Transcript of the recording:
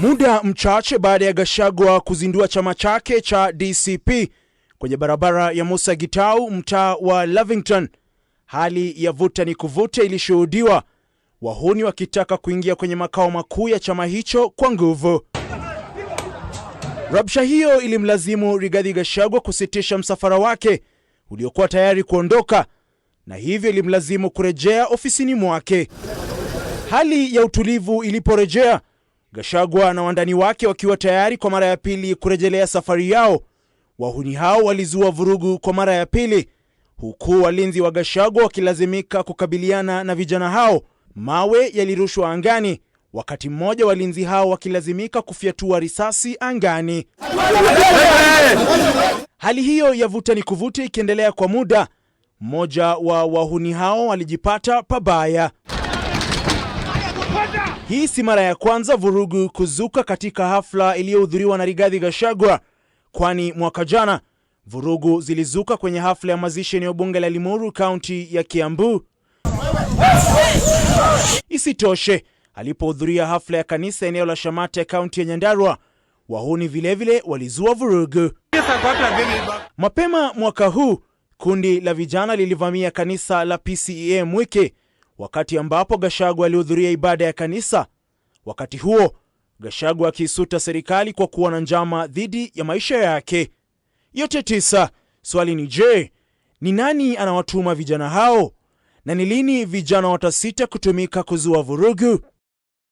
Muda mchache baada ya Gachagua kuzindua chama chake cha DCP kwenye barabara ya Musa Gitau mtaa wa Lavington, hali ya vuta ni kuvuta ilishuhudiwa, wahuni wakitaka kuingia kwenye makao makuu ya chama hicho kwa nguvu. Rabsha hiyo ilimlazimu Rigathi Gachagua kusitisha msafara wake uliokuwa tayari kuondoka na hivyo ilimlazimu kurejea ofisini mwake. Hali ya utulivu iliporejea, Gachagua na wandani wake wakiwa tayari kwa mara ya pili kurejelea safari yao, wahuni hao walizua vurugu kwa mara ya pili, huku walinzi wa Gachagua wakilazimika kukabiliana na vijana hao. Mawe yalirushwa angani, wakati mmoja walinzi hao wakilazimika kufyatua risasi angani. Hali hiyo ya vuta ni kuvuta ikiendelea kwa muda, mmoja wa wahuni hao alijipata pabaya. Hii si mara ya kwanza vurugu kuzuka katika hafla iliyohudhuriwa na Rigathi Gachagua, kwani mwaka jana vurugu zilizuka kwenye hafla ya mazishi eneo bunge la Limuru, kaunti ya Kiambu. Isitoshe, alipohudhuria hafla ya kanisa eneo la Shamata kaunti ya Nyandarua, wahuni vilevile walizua vurugu. Mapema mwaka huu kundi la vijana lilivamia kanisa la PCEA Mwiki wakati ambapo gashagu alihudhuria ibada ya kanisa. Wakati huo gashagu akiisuta serikali kwa kuwa na njama dhidi ya maisha yake. Yote tisa. Swali ni je, ni nani anawatuma vijana hao na ni lini vijana watasita kutumika kuzua vurugu?